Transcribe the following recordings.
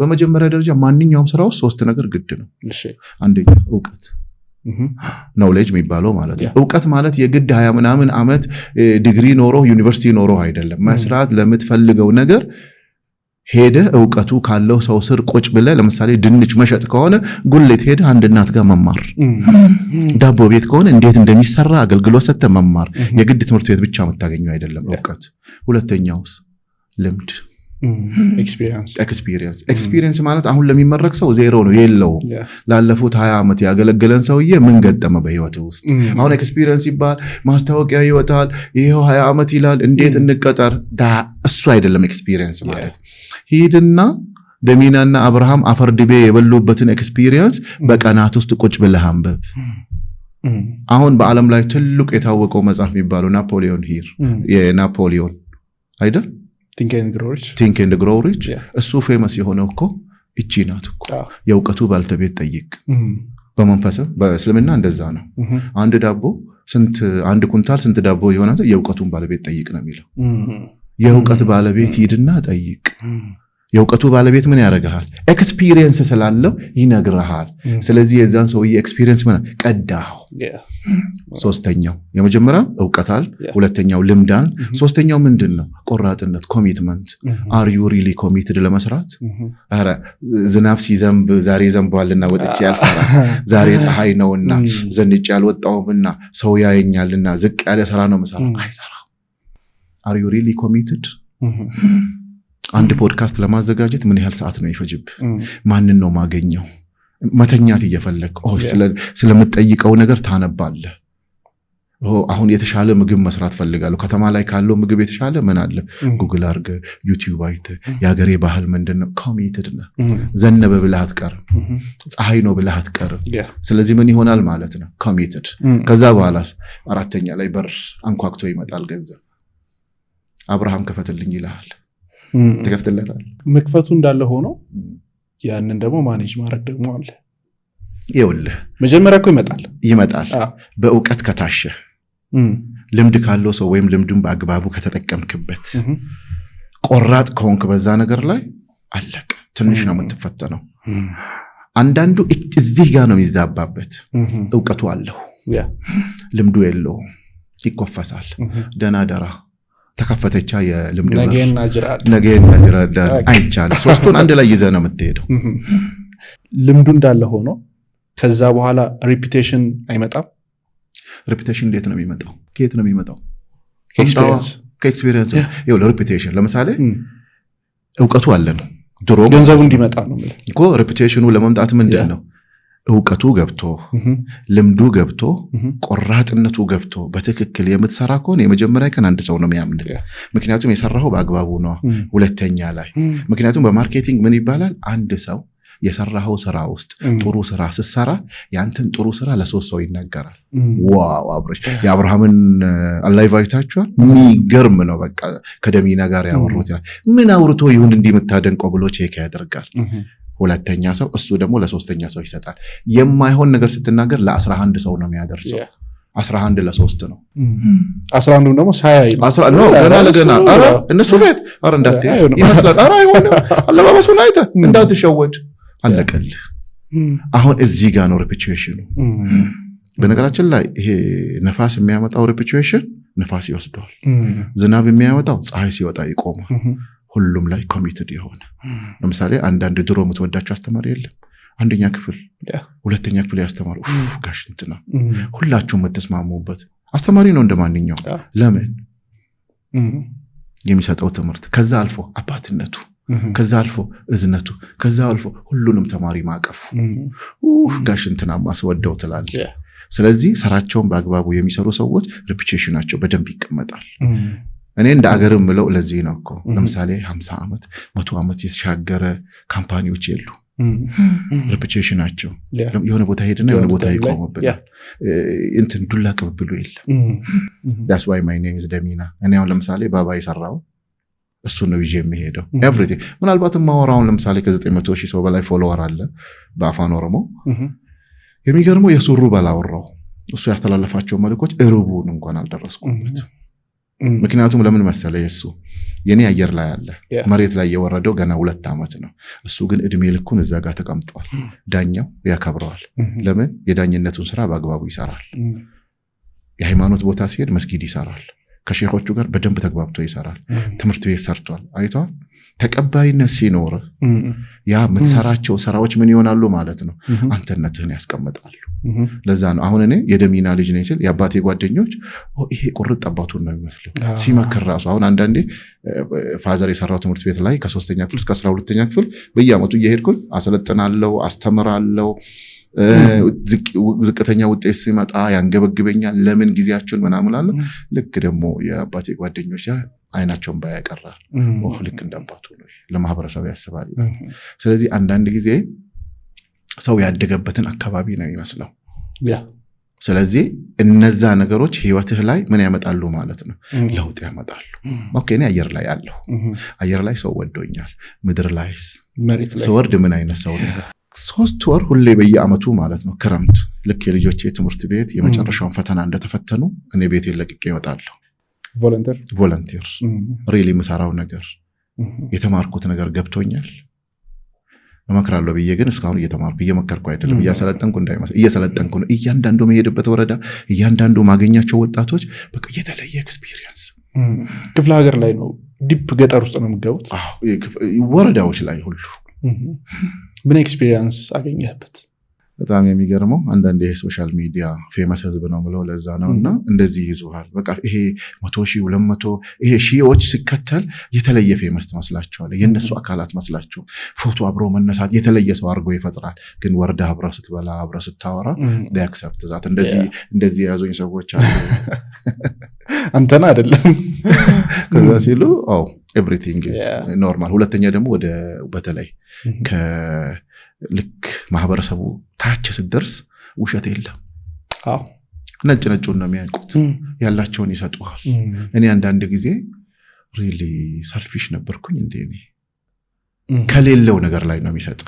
በመጀመሪያ ደረጃ ማንኛውም ስራ ውስጥ ሶስት ነገር ግድ ነው። አንደኛ እውቀት ኖሌጅ የሚባለው ማለት ነው። እውቀት ማለት የግድ ሀያ ምናምን ዓመት ዲግሪ ኖሮ ዩኒቨርሲቲ ኖሮ አይደለም። መስራት ለምትፈልገው ነገር ሄደ እውቀቱ ካለው ሰው ስር ቁጭ ብለ ለምሳሌ ድንች መሸጥ ከሆነ ጉሌት ሄደ አንድ እናት ጋር መማር፣ ዳቦ ቤት ከሆነ እንዴት እንደሚሰራ አገልግሎት ሰተ መማር። የግድ ትምህርት ቤት ብቻ የምታገኘው አይደለም እውቀት። ሁለተኛውስ ልምድ ኤክስፒሪንስ ኤክስፒሪየንስ ማለት አሁን ለሚመረቅ ሰው ዜሮ ነው የለውም። ላለፉት ሀያ ዓመት ያገለገለን ሰውዬ ምን ገጠመ በህይወት ውስጥ? አሁን ኤክስፒሪንስ ይባል ማስታወቂያ ይወጣል፣ ይሄው ሀያ ዓመት ይላል፣ እንዴት እንቀጠር? እሱ አይደለም ኤክስፒሪንስ ማለት ሂድና ደሚናና አብርሃም አፈርድቤ የበሉበትን ኤክስፒሪየንስ በቀናት ውስጥ ቁጭ ብለህ አንብብ። አሁን በዓለም ላይ ትልቅ የታወቀው መጽሐፍ የሚባለው ናፖሊዮን ሂር የናፖሊዮን አይደል ቲንክ ኤንድ ግሮው ሪች እሱ ፌመስ የሆነው እኮ እቺ ናት እኮ የእውቀቱ ባልተቤት ጠይቅ። በመንፈስም በእስልምና እንደዛ ነው። አንድ ዳቦ ስንት አንድ ኩንታል ስንት ዳቦ የሆነ የእውቀቱን ባለቤት ጠይቅ ነው የሚለው። የእውቀት ባለቤት ሂድና ጠይቅ። የእውቀቱ ባለቤት ምን ያደርግሃል? ኤክስፒሪየንስ ስላለው ይነግረሃል። ስለዚህ የዛን ሰውዬ ኤክስፒሪየንስ ምን ቀዳው ሶስተኛው የመጀመሪያ እውቀታል፣ ሁለተኛው ልምዳል፣ mm-hmm. ሶስተኛው ምንድን ነው? ቆራጥነት፣ ኮሚትመንት። አር ዩ ሪሊ ኮሚትድ ለመስራት? ኧረ mm-hmm. ዝናብ ሲዘንብ ዛሬ ዘንቧልና ወጥቼ ያልሰራ፣ ah. ዛሬ ፀሐይ ነውና mm. ዘንጬ ያልወጣውምና ሰው ያየኛልና ዝቅ ያለ ስራ ነው መሰራ አይሰራ። አር ዩ ሪሊ ኮሚትድ አንድ ፖድካስት ለማዘጋጀት ምን ያህል ሰዓት ነው ይፈጅብ? Mm. ማንን ነው ማገኘው? መተኛት እየፈለግ ስለምጠይቀው ነገር ታነባለህ። አሁን የተሻለ ምግብ መስራት ፈልጋለሁ። ከተማ ላይ ካለው ምግብ የተሻለ ምን አለ? Mm. ጉግል አርገ፣ ዩቲዩብ አይተ፣ mm. የሀገሬ ባህል ምንድን ነው? ኮሚትድ ነህ። mm. ዘነበ ብለህ አትቀርም። mm-hmm. ፀሐይ ነው ብለህ አትቀርም። ስለዚህ ምን ይሆናል ማለት ነው? ኮሚትድ። ከዛ በኋላ አራተኛ ላይ በር አንኳክቶ ይመጣል ገንዘብ። አብርሃም ክፈትልኝ ይልሃል። ትከፍትለታል። መክፈቱ እንዳለ ሆኖ ያንን ደግሞ ማኔጅ ማድረግ ደግሞ አለ። ይኸውልህ መጀመሪያ እኮ ይመጣል ይመጣል። በእውቀት ከታሸ ልምድ ካለው ሰው ወይም ልምዱን በአግባቡ ከተጠቀምክበት፣ ቆራጥ ከሆንክ በዛ ነገር ላይ አለቀ። ትንሽ ነው የምትፈተነው። አንዳንዱ እዚህ ጋር ነው የሚዛባበት። እውቀቱ አለው ልምዱ የለውም፣ ይኮፈሳል። ደናደራ። ደራ ተከፈተቻ የልምድ ነገና ጅራዳ አይቻልም። ሶስቱን አንድ ላይ ይዘህ ነው የምትሄደው። ልምዱ እንዳለ ሆኖ ከዛ በኋላ ሪፒቴሽን አይመጣም። ሪፒቴሽን እንዴት ነው የሚመጣው? ከየት ነው የሚመጣው? ከኤክስፔሪየንስ ሪፒቴሽን። ለምሳሌ እውቀቱ አለ ነው ድሮ ገንዘቡ እንዲመጣ ነው። ሪፒቴሽኑ ለመምጣት ምንድን ነው እውቀቱ ገብቶ ልምዱ ገብቶ ቆራጥነቱ ገብቶ በትክክል የምትሰራ ከሆነ የመጀመሪያ ቀን አንድ ሰው ነው የሚያምን። ምክንያቱም የሰራው በአግባቡ ነው። ሁለተኛ ላይ ምክንያቱም በማርኬቲንግ ምን ይባላል? አንድ ሰው የሰራኸው ስራ ውስጥ ጥሩ ስራ ስትሰራ ያንተን ጥሩ ስራ ለሶስት ሰው ይናገራል። ዋው አብረሽ የአብርሃምን አላይቭ አይታችኋል? የሚገርም ነው። በቃ ከደሚና ጋር ያወሩት ምን አውርቶ ይሁን እንዲህ የምታደንቀው ብሎ ቼክ ያደርጋል። ሁለተኛ ሰው እሱ ደግሞ ለሶስተኛ ሰው ይሰጣል። የማይሆን ነገር ስትናገር ለአስራ አንድ ሰው ነው የሚያደርሰው። አስራ አንድ ለሶስት ነው። hmm. አስራ ደግሞ ሳያይ ገና ለገና እነሱ ቤት ኧረ እንዳትሄድ ይመስላል። ኧረ አይሆንም አለባበሱን አይተህ hmm. እንዳትሸወድ አለቀልህ። hmm. አሁን እዚህ ጋር ነው ሪፒቹዌሽኑ። በነገራችን ላይ ይሄ ነፋስ የሚያመጣው ሪፒቹዌሽን ነፋስ ይወስደዋል። ዝናብ የሚያመጣው ፀሐይ ሲወጣ ይቆማል። ሁሉም ላይ ኮሚትድ የሆነ ለምሳሌ አንዳንድ ድሮ የምትወዳቸው አስተማሪ የለም አንደኛ ክፍል ሁለተኛ ክፍል ያስተማሩ ጋሽንት ነው ሁላችሁም የምትስማሙበት አስተማሪ ነው እንደ ለምን የሚሰጠው ትምህርት ከዛ አልፎ አባትነቱ ከዛ አልፎ እዝነቱ ከዛ አልፎ ሁሉንም ተማሪ ማቀፉ ጋሽንትና ማስወደው ትላለ ስለዚህ ስራቸውን በአግባቡ የሚሰሩ ሰዎች ሬፒቴሽናቸው በደንብ ይቀመጣል እኔ እንደ አገር ምለው ለዚህ ነው እኮ ለምሳሌ ሀምሳ ዓመት መቶ ዓመት የተሻገረ ካምፓኒዎች የሉ ሬፑቴሽናቸው የሆነ ቦታ ሄድና የሆነ ቦታ ይቆምብናል። እንትን ዱላ ቅብብሉ የለም። ዳስ ዋይ ማይ ኔም ኢዝ ደሚና። እኔ አሁን ለምሳሌ ባባ የሰራው እሱ ነው ይዤ የሚሄደው ኤቭሪቲንግ። ምናልባትም ማወራውን ለምሳሌ ከዘጠኝ መቶ ሺህ ሰው በላይ ፎሎወር አለ በአፋን ኦሮሞ። የሚገርመው የሱሩ ባላወራው እሱ ያስተላለፋቸው መልኮች እርቡን እንኳን አልደረስኩበት ምክንያቱም ለምን መሰለ የሱ የኔ አየር ላይ አለ፣ መሬት ላይ የወረደው ገና ሁለት ዓመት ነው። እሱ ግን እድሜ ልኩን እዛ ጋር ተቀምጧል። ዳኛው ያከብረዋል። ለምን የዳኝነቱን ስራ በአግባቡ ይሰራል። የሃይማኖት ቦታ ሲሄድ መስጊድ ይሰራል። ከሼኮቹ ጋር በደንብ ተግባብቶ ይሰራል። ትምህርት ቤት ሰርቷል፣ አይተዋል። ተቀባይነት ሲኖር ያ የምትሰራቸው ስራዎች ምን ይሆናሉ ማለት ነው? አንተነትህን ያስቀምጣሉ። ለዛ ነው አሁን እኔ የደሚና ልጅ ነኝ ስል የአባቴ ጓደኞች ይሄ ቁርጥ አባቱን ነው የሚመስለው ሲመክር ራሱ። አሁን አንዳንዴ ፋዘር የሰራው ትምህርት ቤት ላይ ከሶስተኛ ክፍል እስከ አስራ ሁለተኛ ክፍል በየአመቱ እየሄድኩኝ አሰለጥናለው፣ አስተምራለው። ዝቅተኛ ውጤት ሲመጣ ያንገበግበኛል። ለምን ጊዜያቸውን ምናምን አለ። ልክ ደግሞ የአባቴ ጓደኞች አይናቸውን ባያ ያቀራል። ልክ እንዳባቱ ነው፣ ለማህበረሰብ ያስባል። ስለዚህ አንዳንድ ጊዜ ሰው ያደገበትን አካባቢ ነው የሚመስለው። ስለዚህ እነዛ ነገሮች ህይወትህ ላይ ምን ያመጣሉ ማለት ነው? ለውጥ ያመጣሉ። ኦኬ እኔ አየር ላይ አለሁ። አየር ላይ ሰው ወዶኛል። ምድር ላይ ስወርድ ምን አይነት ሰው ነው? ሶስት ወር ሁሌ በየአመቱ ማለት ነው ክረምት፣ ልክ የልጆቼ ትምህርት ቤት የመጨረሻውን ፈተና እንደተፈተኑ እኔ ቤቴን ለቅቄ ይወጣለሁ። ቮለንቲር ቮለንቲር ሪል የምሰራው ነገር mm-hmm. የተማርኩት ነገር ገብቶኛል እመክራለሁ ብዬ ግን እስካሁን እየተማርኩ እየመከርኩ አይደለም። mm-hmm. እያሰለጠንኩ እንዳይመስል እየሰለጠንኩ ነው። እያንዳንዱ መሄድበት ወረዳ፣ እያንዳንዱ ማገኛቸው ወጣቶች በቃ የተለየ ኤክስፒሪየንስ። mm-hmm. ክፍለ ሀገር ላይ ነው ዲፕ ገጠር ውስጥ ነው የምገቡት ወረዳዎች ላይ ሁሉ ምን ኤክስፒሪየንስ አገኘህበት? በጣም የሚገርመው አንዳንድ የሶሻል ሚዲያ ፌመስ ህዝብ ነው ብለው ለዛ ነው እና እንደዚህ ይዙሃል። በቃ ይሄ መቶ ሺህ ሁለት መቶ ይሄ ሺዎች ሲከተል የተለየ ፌመስ ትመስላቸዋል። የእነሱ አካላት መስላቸው ፎቶ አብሮ መነሳት የተለየ ሰው አድርጎ ይፈጥራል። ግን ወርደ አብረ ስትበላ አብረ ስታወራ አክሰፕት ዛት እንደዚህ የያዙኝ ሰዎች አሉ። አንተን አይደለም ከዛ ሲሉ ኤቭሪቲንግ ኖርማል። ሁለተኛ ደግሞ ወደ በተለይ ልክ ማህበረሰቡ ታች ስትደርስ ውሸት የለም። አዎ ነጭ ነጩን ነው የሚያውቁት፣ ያላቸውን ይሰጡሃል። እኔ አንዳንድ ጊዜ ሪሊ ሰልፊሽ ነበርኩኝ እንዴ? እኔ ከሌለው ነገር ላይ ነው የሚሰጥ።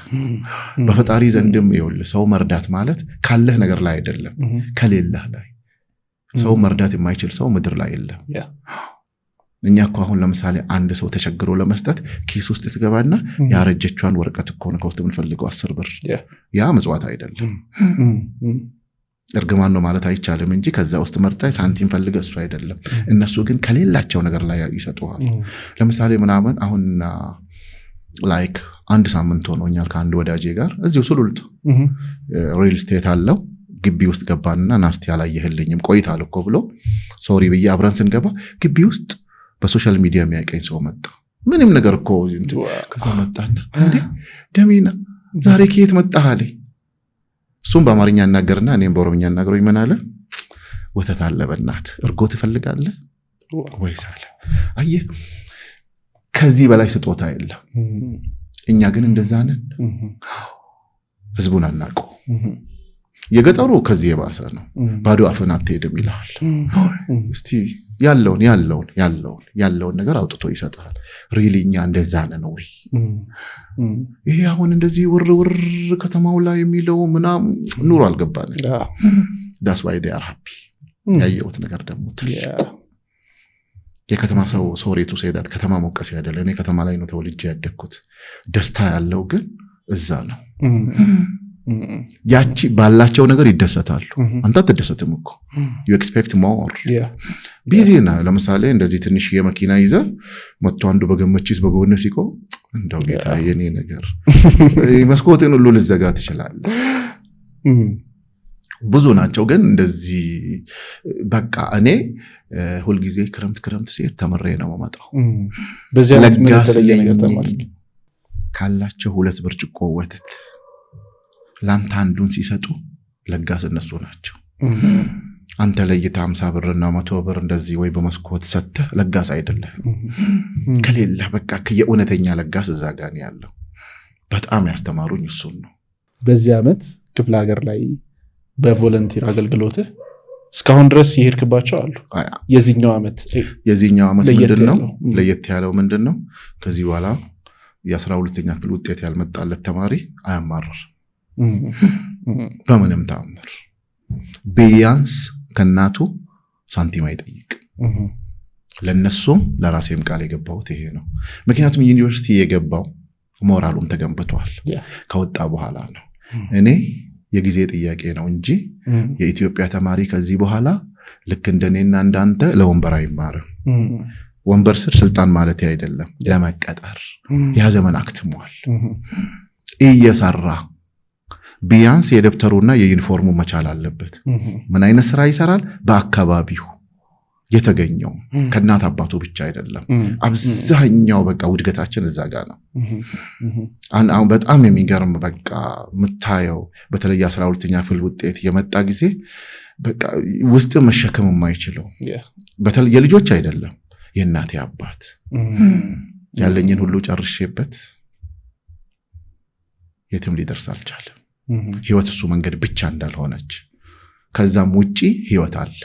በፈጣሪ ዘንድም ይኸውልህ ሰው መርዳት ማለት ካለህ ነገር ላይ አይደለም፣ ከሌለህ ላይ። ሰው መርዳት የማይችል ሰው ምድር ላይ የለም። እኛ እኮ አሁን ለምሳሌ አንድ ሰው ተቸግሮ ለመስጠት ኪስ ውስጥ ትገባና ያረጀቿን ወረቀት እኮ ነው ከውስጥ የምንፈልገው አስር ብር። ያ ምጽዋት አይደለም እርግማን ነው ማለት አይቻልም እንጂ ከዛ ውስጥ መርጣ ሳንቲም ፈልገ እሱ አይደለም። እነሱ ግን ከሌላቸው ነገር ላይ ይሰጡሃል። ለምሳሌ ምናምን አሁን ላይክ አንድ ሳምንት ሆኖኛል ከአንድ ወዳጄ ጋር እዚሁ ስሉልት ሪል ስቴት አለው ግቢ ውስጥ ገባንና ናስቲ አላየህልኝም ቆይታል እኮ ብሎ ሶሪ ብዬ አብረን ስንገባ ግቢ ውስጥ በሶሻል ሚዲያ የሚያቀኝ ሰው መጣ። ምንም ነገር እኮ ከዛ መጣና እንዴ ደሜና ዛሬ ከየት መጣህ አለኝ። እሱም በአማርኛ እናገርና እኔም በኦሮምኛ እናገረው ይመናለ ወተት አለ በእናት እርጎ ትፈልጋለ ወይስ አለ። አየህ ከዚህ በላይ ስጦታ የለም። እኛ ግን እንደዛ ነን፣ ህዝቡን አናውቀው የገጠሩ ከዚህ የባሰ ነው። ባዶ አፍን አትሄድም ይልሃል። እስቲ ያለውን ያለውን ያለውን ያለውን ነገር አውጥቶ ይሰጣል። ሪሊ እኛ እንደዛ ነን ወይ? ይሄ አሁን እንደዚህ ውር ውር ከተማው ላይ የሚለው ምናም ኑሮ አልገባንም። ዳስ ዋይ ዴይ አር ሃፒ። ያየሁት ነገር ደግሞ ትልቅ የከተማ ሰው ሶሬቱ ሴዳት ከተማ ሞቀስ ያደለ እኔ ከተማ ላይ ነው ተወልጄ ያደግኩት። ደስታ ያለው ግን እዛ ነው ያቺ ባላቸው ነገር ይደሰታሉ። አንተ አትደሰትም እኮ ዩ ኤክስፔክት ሞር ቢዚ ና ለምሳሌ እንደዚህ ትንሽ የመኪና ይዘ መቶ አንዱ በገመችስ በጎን ሲቆ እንደው ጌታ የኔ ነገር መስኮትን ሁሉ ልዘጋ ትችላል። ብዙ ናቸው ግን እንደዚህ በቃ እኔ ሁልጊዜ ክረምት ክረምት ሲሄድ ተምሬ ነው የምመጣው። ለጋስ ካላቸው ሁለት ብርጭቆ ወተት ለአንተ አንዱን ሲሰጡ ለጋስ እነሱ ናቸው። አንተ ለይተ ሀምሳ ብርና መቶ ብር እንደዚህ ወይ በመስኮት ሰጥተህ ለጋስ አይደለህ። ከሌለህ በቃ የእውነተኛ ለጋስ እዛ ጋር ያለው። በጣም ያስተማሩኝ እሱን ነው። በዚህ ዓመት ክፍለ ሀገር ላይ በቮለንቲር አገልግሎትህ እስካሁን ድረስ የሄድክባቸው አሉ። የዚህኛው ዓመት የዚህኛው ዓመት ምንድን ነው ለየት ያለው ምንድን ነው? ከዚህ በኋላ የአስራ ሁለተኛ ክፍል ውጤት ያልመጣለት ተማሪ አያማርር በምንም ተአምር ቢያንስ ከእናቱ ሳንቲም አይጠይቅ። ለእነሱም ለራሴም ቃል የገባሁት ይሄ ነው። ምክንያቱም ዩኒቨርሲቲ የገባው ሞራሉም ተገንብቷል ከወጣ በኋላ ነው። እኔ የጊዜ ጥያቄ ነው እንጂ የኢትዮጵያ ተማሪ ከዚህ በኋላ ልክ እንደኔና እንዳንተ ለወንበር አይማርም። ወንበር ስር ስልጣን ማለት አይደለም፣ ለመቀጠር ያ ዘመን አክትሟል። mm-hmm. እየሰራ ቢያንስ የደብተሩና የዩኒፎርሙ መቻል አለበት። ምን አይነት ስራ ይሰራል? በአካባቢው የተገኘው ከእናት አባቱ ብቻ አይደለም። አብዛኛው በቃ ውድገታችን እዛ ጋር ነው። አሁን በጣም የሚገርም በቃ የምታየው በተለይ አስራ ሁለተኛ ክፍል ውጤት የመጣ ጊዜ በቃ ውስጥ መሸከም የማይችለው የልጆች አይደለም የእናቴ አባት ያለኝን ሁሉ ጨርሼበት የትም ሊደርስ አልቻለም። ህይወት እሱ መንገድ ብቻ እንዳልሆነች ከዛም ውጪ ህይወት አለ።